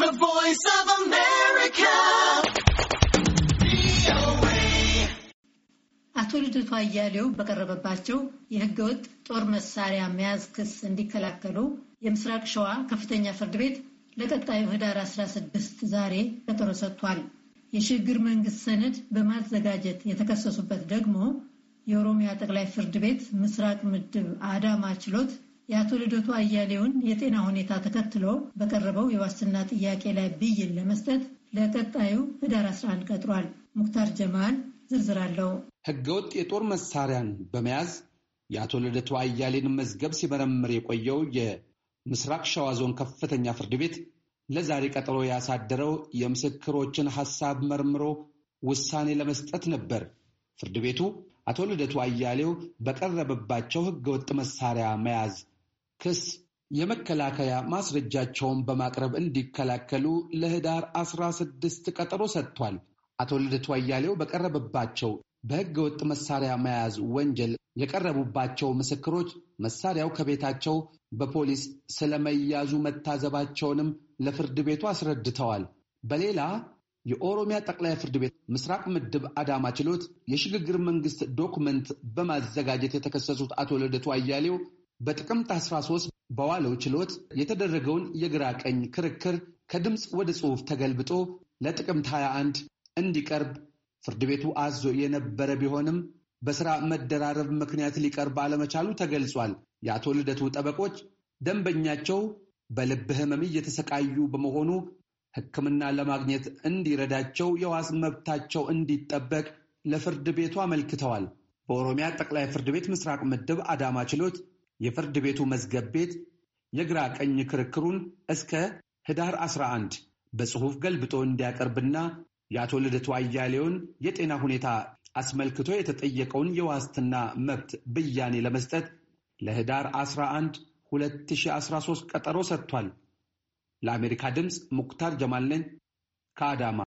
The Voice of America. አቶ ልደቱ አያሌው በቀረበባቸው የህገወጥ ጦር መሳሪያ መያዝ ክስ እንዲከላከሉ የምስራቅ ሸዋ ከፍተኛ ፍርድ ቤት ለቀጣዩ ህዳር 16 ዛሬ ቀጠሮ ሰጥቷል። የሽግግር መንግስት ሰነድ በማዘጋጀት የተከሰሱበት ደግሞ የኦሮሚያ ጠቅላይ ፍርድ ቤት ምስራቅ ምድብ አዳማ ችሎት የአቶ ልደቱ አያሌውን የጤና ሁኔታ ተከትሎ በቀረበው የዋስትና ጥያቄ ላይ ብይን ለመስጠት ለቀጣዩ ህዳር 11 ቀጥሯል። ሙክታር ጀማል ዝርዝር አለው። ህገወጥ የጦር መሳሪያን በመያዝ የአቶ ልደቱ አያሌን መዝገብ ሲመረምር የቆየው የምስራቅ ሸዋ ዞን ከፍተኛ ፍርድ ቤት ለዛሬ ቀጠሮ ያሳደረው የምስክሮችን ሐሳብ መርምሮ ውሳኔ ለመስጠት ነበር። ፍርድ ቤቱ አቶ ልደቱ አያሌው በቀረበባቸው ህገወጥ መሳሪያ መያዝ ክስ የመከላከያ ማስረጃቸውን በማቅረብ እንዲከላከሉ ለህዳር 16 ቀጠሮ ሰጥቷል። አቶ ልደቱ አያሌው በቀረበባቸው በሕገ ወጥ መሳሪያ መያዝ ወንጀል የቀረቡባቸው ምስክሮች መሳሪያው ከቤታቸው በፖሊስ ስለመያዙ መታዘባቸውንም ለፍርድ ቤቱ አስረድተዋል። በሌላ የኦሮሚያ ጠቅላይ ፍርድ ቤት ምስራቅ ምድብ አዳማ ችሎት የሽግግር መንግስት ዶክመንት በማዘጋጀት የተከሰሱት አቶ ልደቱ አያሌው በጥቅምት 13 በዋለው ችሎት የተደረገውን የግራ ቀኝ ክርክር ከድምፅ ወደ ጽሑፍ ተገልብጦ ለጥቅምት 21 እንዲቀርብ ፍርድ ቤቱ አዞ የነበረ ቢሆንም በስራ መደራረብ ምክንያት ሊቀርብ አለመቻሉ ተገልጿል። የአቶ ልደቱ ጠበቆች ደንበኛቸው በልብ ሕመም እየተሰቃዩ በመሆኑ ሕክምና ለማግኘት እንዲረዳቸው የዋስ መብታቸው እንዲጠበቅ ለፍርድ ቤቱ አመልክተዋል። በኦሮሚያ ጠቅላይ ፍርድ ቤት ምስራቅ ምድብ አዳማ ችሎት የፍርድ ቤቱ መዝገብ ቤት የግራ ቀኝ ክርክሩን እስከ ህዳር 11 በጽሑፍ ገልብጦ እንዲያቀርብና የአቶ ልደቱ አያሌውን የጤና ሁኔታ አስመልክቶ የተጠየቀውን የዋስትና መብት ብያኔ ለመስጠት ለህዳር 11 2013 ቀጠሮ ሰጥቷል። ለአሜሪካ ድምፅ ሙክታር ጀማል ነኝ ከአዳማ።